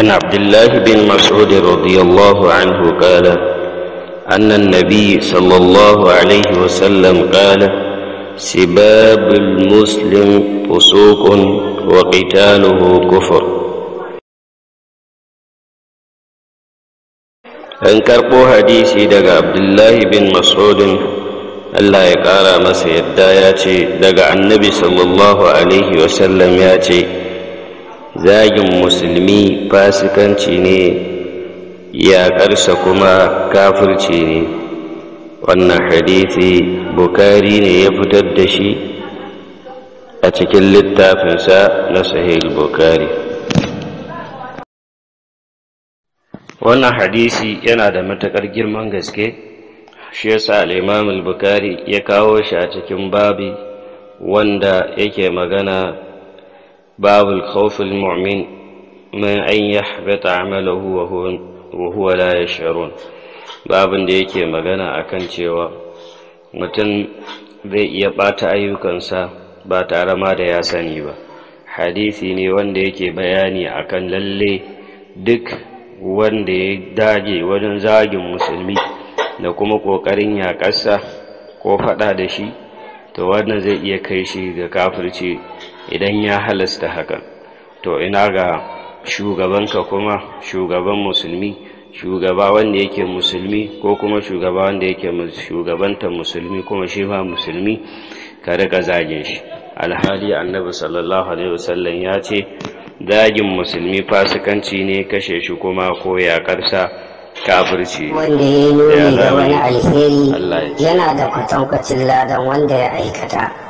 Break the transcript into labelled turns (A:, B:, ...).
A: عن عبد الله بن مسعود رضي الله عنه قال أن النبي صلى الله عليه وسلم قال سباب المسلم فسوق وقتاله كفر أنكرقوا حديثي دقى عبد الله بن مسعود الله يقارى مسيح الدايات دقى النبي صلى الله عليه وسلم ياتي zagin musulmi fasikanci ne yaƙarsa kuma kafirci ne wannan hadisi bukari ne ya fitar da shi a cikin littafinsa na sahih bukari wannan hadisi yana da matuƙar girman gaske shi yasa al-imam al-bukari ya kawo shi a cikin babi wanda yake magana باب الخوف المؤمن من أن يحبط عمله وهو, وهو لا يشعرون babin da yake magana a kan cewa mutum zai iya ɓata ayyukansa ba tare ma da ya sani ba hadisi ne wanda yake bayani akan lalle duk wanda ya dage wajen zagin musulmi da kuma ƙoƙarin ƙasa ko faɗa da shi to wannan zai iya kai shi ga kafirci idan ya halasta hakan to ina ga shugabanka kuma shugaban musulmi shugaba wanda yake musulmi ko kuma shugaba wanda yake shugabanta musulmi kuma shi ma musulmi ka riga zagin shi alhali annabi sallallahu alaihi wasallam ya ce zagin musulmi fasikanci ne kashe shi kuma ko ya karsa kafirci wanda ya yi nuni da wani alheri yana da kwatankwacin ladan wanda ya aikata